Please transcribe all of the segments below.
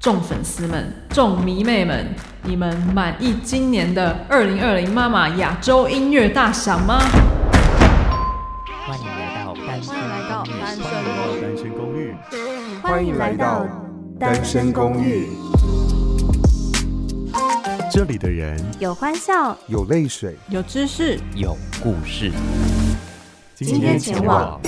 眾粉絲們，眾迷妹們，你們滿意今年的二零二零媽媽亞洲音樂大賞嗎？歡迎來到單身公寓。歡迎來到單身公寓。歡迎來到單身公寓。這裡的人有歡笑，有淚水，有知識，有故事。今天前往。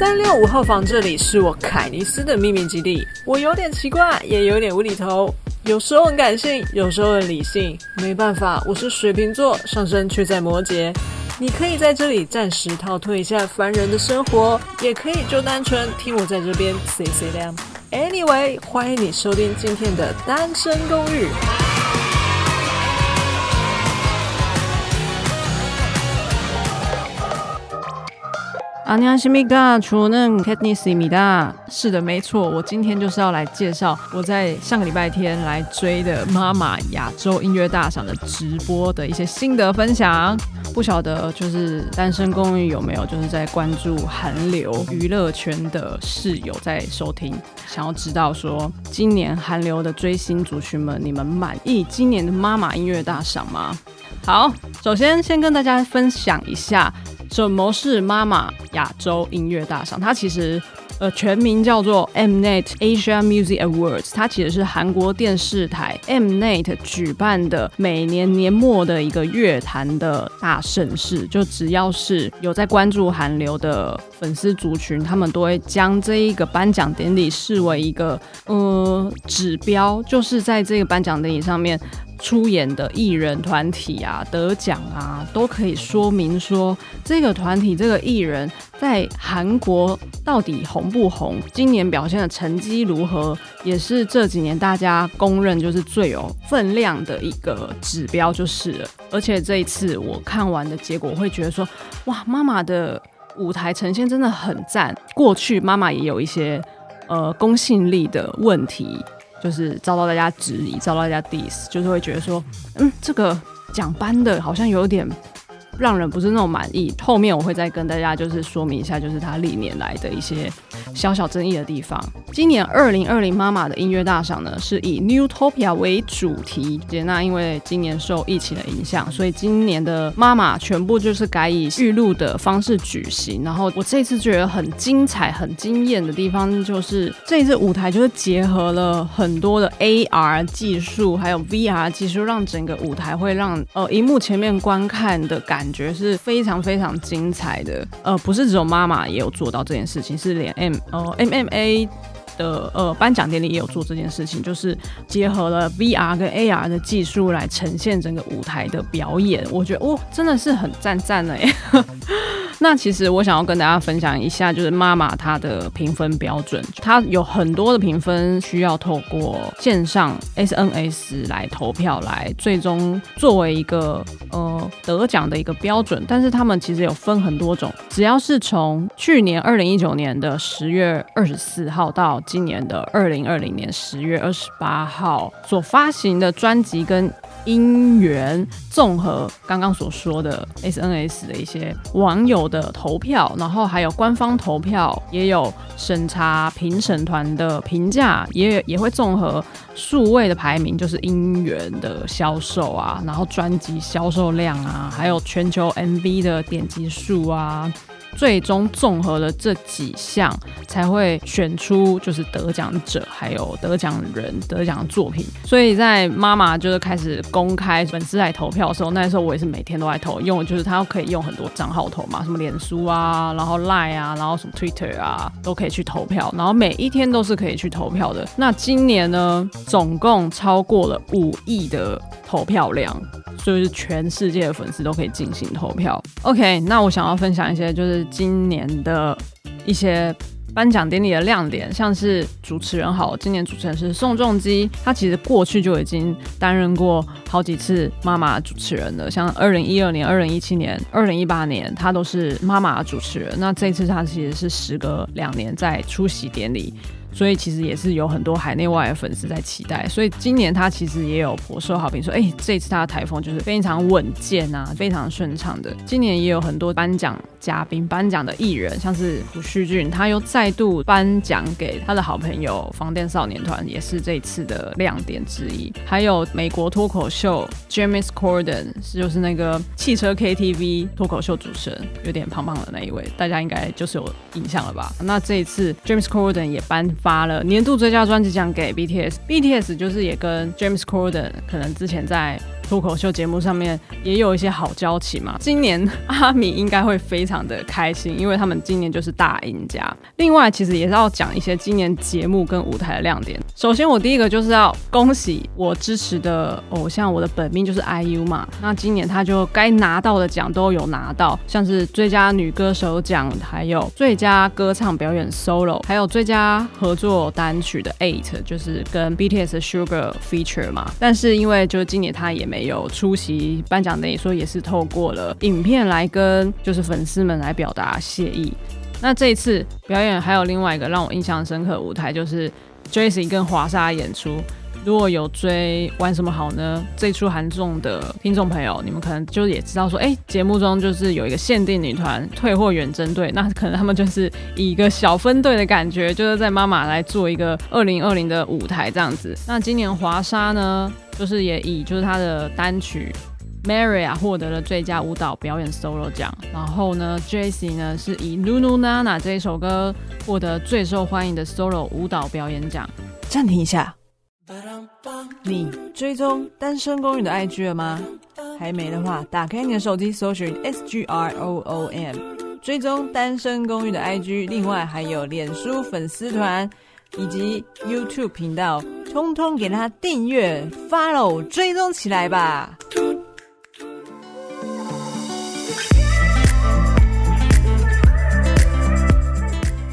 三六五號房，這裡是我凱尼斯的秘密基地。我有點奇怪，也有點無厘頭，有時候很感性，有時候很理性。沒辦法，我是水瓶座，上升卻在摩羯。你可以在這裡暫時逃脫一下凡人的生活，也可以就單純聽我在這邊 say s a y t h Anyway，歡迎你收聽今天的《單身公寓》。除，catnessy 米大。是的，沒錯，我今天就是要來介紹我在上個禮拜天來追的《媽媽亞洲音樂大賞》的直播的一些心得分享。不曉得就是單身公寓有沒有就是在關注韓流娛樂圈的室友在收聽，想要知道說今年韓流的追星族群們，你們滿意今年的媽媽音樂大賞嗎？好，首先先跟大家分享一下。什麼是媽媽亞洲音樂大賞？它其實，呃，全名叫做 Mnet Asia Music Awards。它其實是韓國電視台 Mnet 舉辦的每年年末的一個樂壇的大盛事。就只要是有在關注韓流的粉絲族群，他們都會將這一個頒獎典禮視為一個呃指標，就是在這個頒獎典禮上面。出演的藝人團體啊，得獎啊，都可以說明說這個團體、這個藝人在韓國到底紅不紅，今年表現的成績如何，也是這幾年大家公認就是最有分量的一個指標，就是了。而且這一次我看完的結果，會覺得說，哇，媽媽的舞台呈現真的很讚。過去媽媽也有一些，呃，公信力的問題。就是遭到大家質疑，遭到大家 diss，就是會覺得說，嗯，這個獎頒的好像有點讓人不是那麼滿意。後面我會再跟大家就是說明一下，就是他歷年來的一些，小小爭議的地方。今年二零二零媽媽的音樂大賞呢，是以 New Topia 為主題。杰娜，因為今年受疫情的影響，所以今年的媽媽全部就是改以預錄的方式舉行。然後我這次覺得很精彩、很驚豔的地方，就是這一次舞台就是結合了很多的 AR 技術，還有 VR 技術，讓整個舞台會讓呃熒幕前面觀看的感覺是非常非常精彩的。呃，不是只有媽媽也有做到這件事情，是連 M。哦、呃、MAMA 的呃頒獎典禮也有做這件事情，就是結合了 VR 跟 AR 的技術來呈現整個舞台的表演，我覺得哦真的是很讚讚呢。 那其實我想要跟大家分享一下，就是 MAMA 她的評分標準，她有很多的評分需要透過線上 SNS 來投票，來最終作為一個呃得獎的一個標準。但是他們其實有分很多種，只要是從去年二零一九年的十月二十四號到今年的二零二零年十月二十八號所發行的專輯跟。音源綜合剛剛所說的 SNS 的一些網友的投票，然後還有官方投票，也有審查評審團的評價，也也會綜合數位的排名，就是音源的銷售啊，然後專輯銷售量啊，還有全球 MV 的點擊數啊。最終綜合了這幾項，才會選出就是得獎者，還有得獎人、得獎作品。所以在媽媽就是開始公開粉絲來投票的時候，那時候我也是每天都在投，用就是他可以用很多賬號投嘛，什麼臉書啊，然後賴啊，然後什麼 Twitter 啊，都可以去投票。然後每一天都是可以去投票的。那今年呢，總共超過了五億的投票量，所以就是全世界的粉絲都可以進行投票。OK，那我想要分享一些就是。今年的一些頒獎典禮的亮點，像是主持人好，今年主持人是宋仲基，他其實過去就已經擔任過好幾次媽媽主持人了，像二零一二年、二零一七年、二零一八年，他都是媽媽主持人。那這次他其實是時隔兩年再出席典禮。所以其實也是有很多海內外的粉絲在期待，所以今年他其實也有頗受好評說，說、欸、哎，這次他的台風就是非常穩健啊，非常順暢的。今年也有很多頒獎嘉賓、頒獎的藝人，像是胡旭俊，他又再度頒獎給他的好朋友防彈少年團，也是這一次的亮點之一。還有美國脫口秀 James Corden，是就是那個汽車 KTV 脫口秀主持人，有點胖胖的那一位，大家應該就是有印象了吧？那這一次 James Corden 也頒。發了年度最佳專輯獎給 BTS，BTS 就是也跟 James Corden 可能之前在。脫口秀節目上面也有一些好交情嘛。今年阿米應該會非常的開心，因為他們今年就是大贏家。另外，其實也是要講一些今年節目跟舞台的亮點。首先，我第一個就是要恭喜我支持的偶像，我的本命就是 IU 嘛。那今年他就該拿到的獎都有拿到，像是最佳女歌手獎，還有最佳歌唱表演 solo，還有最佳合作單曲的 eight，就是跟 BTS 的 Suga feature 嘛。但是因為就是今年他也沒。有出席頒獎的，也說也是透過了影片來跟就是粉絲們來表達謝意。那這一次表演還有另外一個讓我印象深刻的舞台，就是 Jessi 跟華莎演出。如果有追玩什麼好呢？最初韓綜的聽眾朋友，你們可能就也知道說，哎、欸，節目中就是有一個限定女團退貨遠征隊，那可能他們就是以一個小分隊的感覺，就是在媽媽來做一個二零二零的舞台這樣子。那今年華莎呢，就是也以就是她的單曲 Maria 獲得了最佳舞蹈表演 solo 獎，然後呢，Jessi 呢是以 Nunu Nana 這一首歌獲得最受歡迎的 solo 舞蹈表演獎。暫停一下。你追蹤單身公寓的 IG 了嗎？還沒的話，打開你的手機，搜尋 S G R O O M，追蹤單身公寓的 IG。另外還有臉書粉絲團以及 YouTube 頻道，通通給他訂閱、Follow，追蹤起來吧！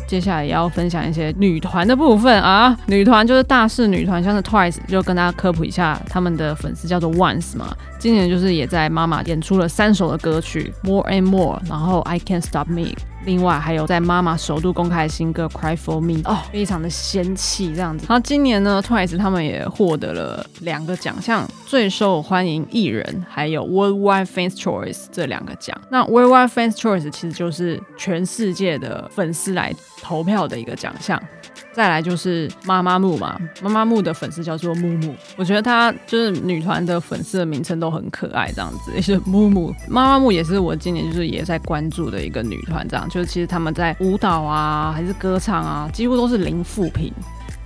接下來也要分享一些女團的部分啊，女團就是大勢女團，像是 TWICE，就跟大家科普一下，他們的粉絲叫做 ONCE 嘛。今年就是也在 MAMA 演出了三首的歌曲，More and More，然後 I Can't Stop Me。另外還有在媽媽首度公開的新歌《Cry for Me》哦，oh, 非常的仙氣這樣子。然後今年呢，TWICE 他們也獲得了兩個獎項，最受歡迎藝人還有 Worldwide Fans Choice 這兩個獎。那 Worldwide Fans Choice 其實就是全世界的粉絲來投票的一個獎項。再來就是媽媽木嘛，媽媽木的粉絲叫做木木，我覺得她就是女團的粉絲的名稱都很可愛，這樣子也是木木，媽媽木也是我今年就是也在關注的一個女團，這樣就是其實她們在舞蹈啊還是歌唱啊幾乎都是零負評，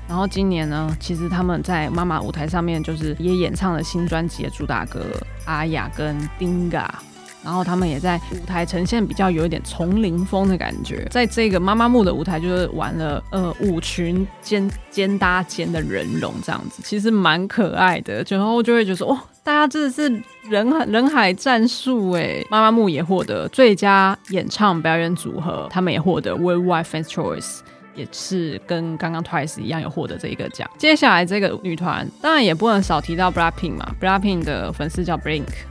然後今年呢，其實她們在媽媽舞台上面就是也演唱了新專輯的主打歌阿雅跟丁嘎。然後他們也在舞台呈現比較有一點叢林風的感覺，在這個媽媽木的舞台就是玩了呃舞群肩肩搭肩的人龍這樣子，其實蠻可愛的，然後就會覺得說哦，大家真的是人海人海戰術哎！媽媽木也獲得最佳演唱表演組合，他們也獲得 Worldwide Fans Choice，也是跟剛剛 Twice 一樣有獲得這個獎。接下來這個女團當然也不能少提到 Blackpink 嘛，Blackpink 的粉絲叫 Blink。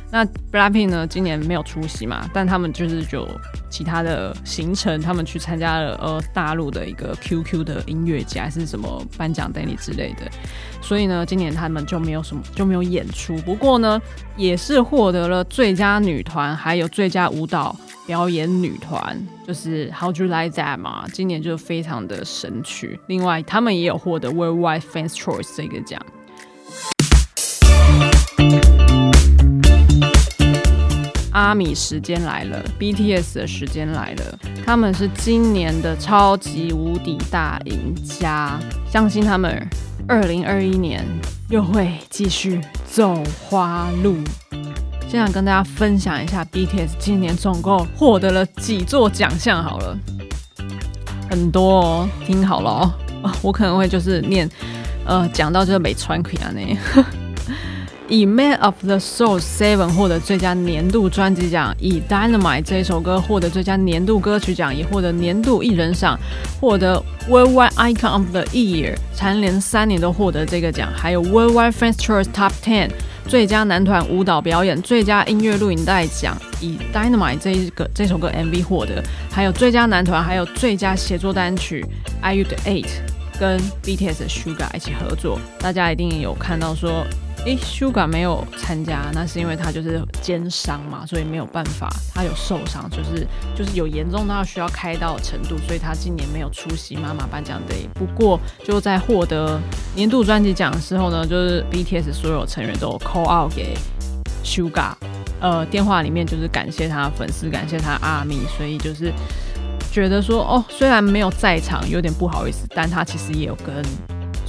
那 BLACKPINK 呢？今年沒有出席嘛，但他們就是有其他的行程，他們去參加了呃、e、大陸的一個 QQ 的音樂節還是什麼頒獎典禮之類的，所以呢，今年他們就沒有什麼就沒有演出。不過呢，也是獲得了最佳女團，還有最佳舞蹈表演女團，就是 How do you like that 嘛，今年就非常的神曲。另外，他們也有獲得 Worldwide Fans Choice 這個獎。阿米時間來了，BTS 的時間來了，他們是今年的超級無敵大贏家，相信他們二零二一年又會繼續走花路。現在跟大家分享一下，BTS 今年總共獲得了幾座獎項？好了，很多、喔，哦，聽好了哦、呃，我可能會就是念，呃，講到就沒穿褲啊那。 以《Man of the Soul Seven》獲得最佳年度專輯獎，以《Dynamite》這一首歌獲得最佳年度歌曲獎，也獲得年度藝人賞，獲得 Worldwide Icon of the Year，蟬聯三年都獲得這個獎，還有 Worldwide Fans Choice Top Ten 最佳男團舞蹈表演、最佳音樂錄影帶獎，以《Dynamite》這一個這首歌 MV 獲得，還有最佳男團，還有最佳協作單曲《IU 的 Eight》跟 BTS 的 Suga 一起合作，大家一定有看到說。誒、欸、SUGA 沒有參加，那是因為他就是肩傷嘛，所以沒有辦法。他有受傷，就是就是有嚴重到需要開刀的程度，所以他今年沒有出席媽媽頒獎典禮。不過就在獲得年度專輯獎的時候呢，就是 BTS 所有成員都有 call out 給 SUGA，呃，電話裡面就是感謝他的粉絲，感謝他 ARMY，所以就是覺得說，哦，雖然沒有在場，有點不好意思，但他其實也有跟。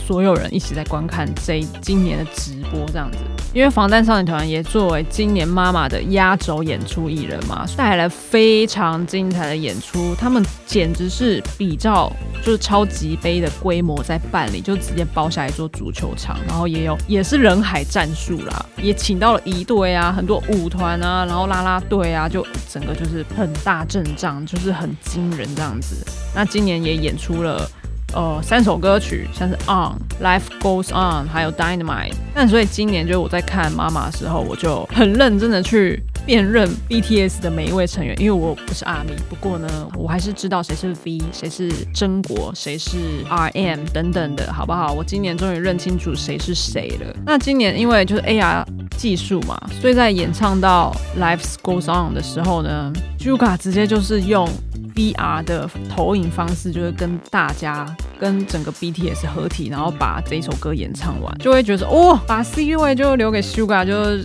所有人一起在觀看這一今年的直播，這樣子，因為防彈少年團也作為今年媽媽的壓軸演出藝人嘛，帶來了非常精彩的演出。他們簡直是比較就是超級盃的規模在辦理，就直接包下一座足球場，然後也有也是人海戰術啦，也請到了儀隊啊，很多舞團啊，然後啦啦隊啊，就整個就是很大陣仗，就是很驚人這樣子。那今年也演出了。呃，三首歌曲像是 On Life Goes On，還有 Dynamite。那所以今年就是我在看媽媽的時候，我就很認真的去辨認 BTS 的每一位成員，因為我不是阿米。不過呢，我還是知道誰是 V，誰是柾國、誰是 RM 等等的，好不好？我今年終於認清楚誰是誰了。那今年因為就是 AR 技術嘛，所以在演唱到 Life Goes On 的時候呢，Juga 直接就是用。VR 的投影方式就是跟大家，跟整個 B T S 合體，然後把這一首歌演唱完，就會覺得說哦，把 C 位就留給 Sugar，就就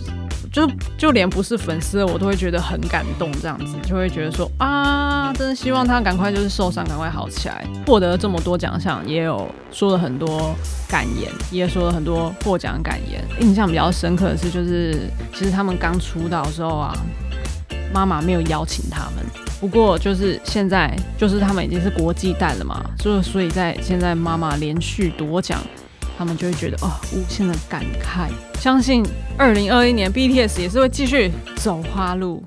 就，就連不是粉絲的我都會覺得很感動，這樣子就會覺得說啊，真的希望他趕快就是受傷趕快好起來。獲得這麼多獎項，也有說了很多感言，也說了很多獲獎感言。印象比較深刻的是，就是其實他們剛出道的時候啊，媽媽沒有邀請他們。不過就是現在，就是他們已經是國際蛋了嘛，就所以在現在媽媽連續奪獎，他們就會覺得哦，無限的感慨。相信二零二一年 BTS 也是會繼續走花路。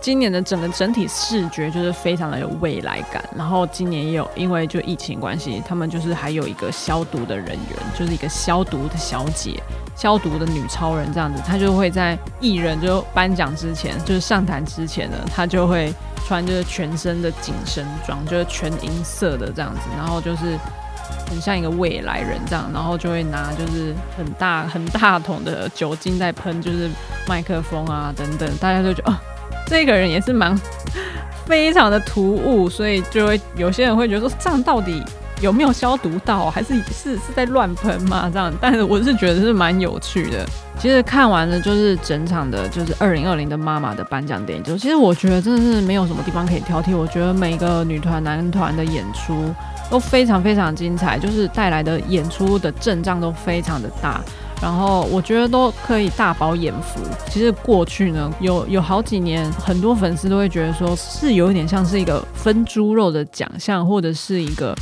今年的整個整體視覺就是非常的有未來感，然後今年也有因為就疫情關係，他們就是還有一個消毒的人員，就是一個消毒的小姐。消毒的女超人這樣子，她就會在藝人就頒獎之前，就是上台之前呢，她就會穿就是全身的緊身裝，就是全銀色的這樣子，然後就是很像一個未來人這樣，然後就會拿就是很大很大桶的酒精在噴，就是麥克風啊等等，大家都覺得哦，這個人也是蠻非常的突兀，所以就會有些人會覺得說這樣到底。有沒有消毒到？還是是是在亂噴嗎？這樣，但是我是覺得是蠻有趣的。其實看完了就是整場的，就是二零二零的媽媽的頒獎典禮。就，其實我覺得真的是沒有什麼地方可以挑剔。我覺得每一個女團、男團的演出都非常非常精彩，就是帶來的演出的陣仗都非常的大。然後我覺得都可以大飽眼福。其實過去呢，有有好幾年，很多粉絲都會覺得說是有點像是一個分豬肉的獎項，或者是一個。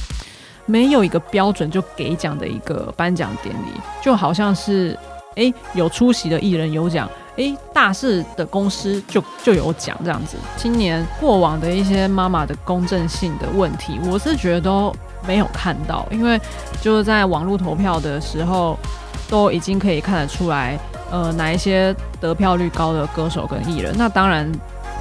沒有一個標準就給獎的一個頒獎典禮，就好像是誒，有出席的藝人有獎，誒，大勢的公司就就有獎這樣子。今年過往的一些媽媽的公正性的問題，我是覺得都沒有看到，因為就是在網絡投票的時候，都已經可以看得出來，呃哪一些得票率高的歌手跟藝人，那當然。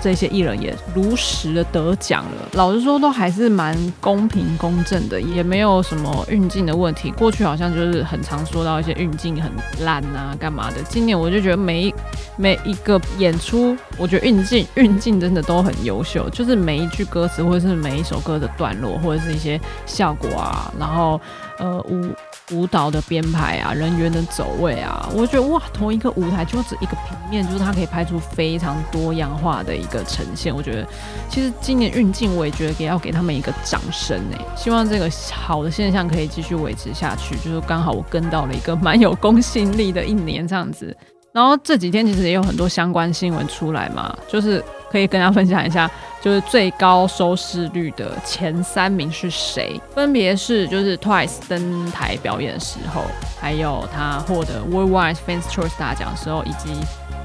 這些藝人也如實的得獎了，老實說都還是蠻公平公正的，也沒有什麼運鏡的問題。過去好像就是很常說到一些運鏡很爛啊，幹嘛的。今年我就覺得每一每一個演出，我覺得運鏡運鏡真的都很優秀，就是每一句歌詞或者是每一首歌的段落或者是一些效果啊，然後呃五、舞蹈的編排啊，人員的走位啊，我覺得哇，同一個舞台就只一個平面，就是它可以拍出非常多樣化的一個呈現。我覺得其實今年運鏡我也覺得也要給他們一個掌聲誒、欸，希望這個好的現象可以繼續維持下去。就是剛好我跟到了一個蠻有公信力的一年這樣子，然後這幾天其實也有很多相關新聞出來嘛，就是可以跟大家分享一下。就是最高收視率的前三名是誰？分別是就是 Twice 登台表演的時候，還有他獲得 Worldwide Fans Choice 大獎的時候，以及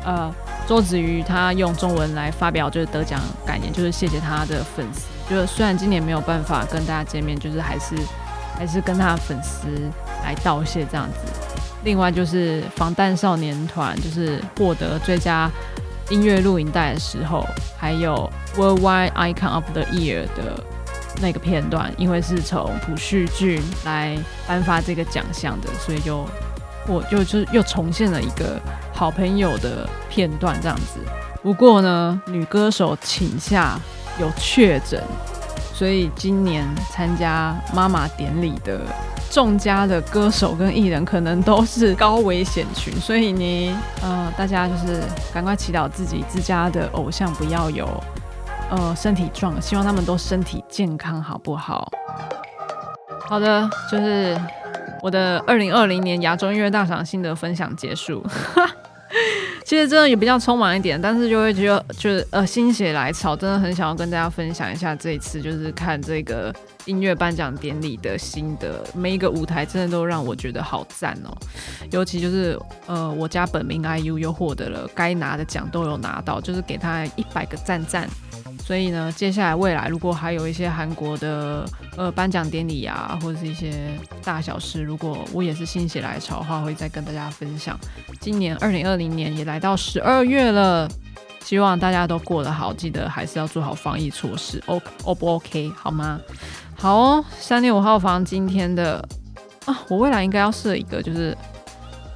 呃周子瑜他用中文來發表就是得獎感言，就是謝謝他的粉絲。就是雖然今年沒有辦法跟大家見面，就是還是還是跟他的粉絲來道謝這樣子。另外就是防彈少年團就是獲得最佳。音樂錄影帶的時候，還有 Worldwide Icon of the Year 的那個片段，因為是從朴敘俊來頒發這個獎項的，所以就我就是又重現了一個好朋友的片段這樣子。不過呢，女歌手請下有確診。所以今年參加媽媽典禮的眾家的歌手跟藝人，可能都是高危險群，所以呢，呃，大家就是趕快祈禱自己自家的偶像不要有呃身體狀，希望他們都身體健康，好不好？好的，就是我的二零二零年亞洲音樂大賞心得分享結束。 其實真的也比較匆忙一點，但是就會覺得就是呃心血來潮，真的很想要跟大家分享一下這一次就是看這個音樂頒獎典禮的心得。每一個舞台真的都讓我覺得好讚哦，尤其就是呃我家本命 IU 又獲得了該拿的獎都有拿到，就是給他一百個讚讚。所以呢，接下來未來如果還有一些韓國的呃頒獎典禮啊，或者是一些大小事，如果我也是心血來潮的話，會再跟大家分享。今年二零二零年也來到十二月了，希望大家都過得好，記得還是要做好防疫措施。O O 不 O K 好嗎？好哦，三六五號房今天的啊，我未來應該要設一個就是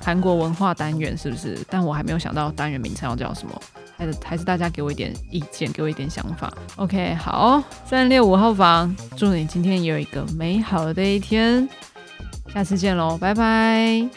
韓國文化單元，是不是？但我還沒有想到單元名稱要叫什麼。還是還是大家給我一點意見，給我一點想法。OK，好，三六五號房，祝你今天也有一個美好的一天。下次見嘍，拜拜。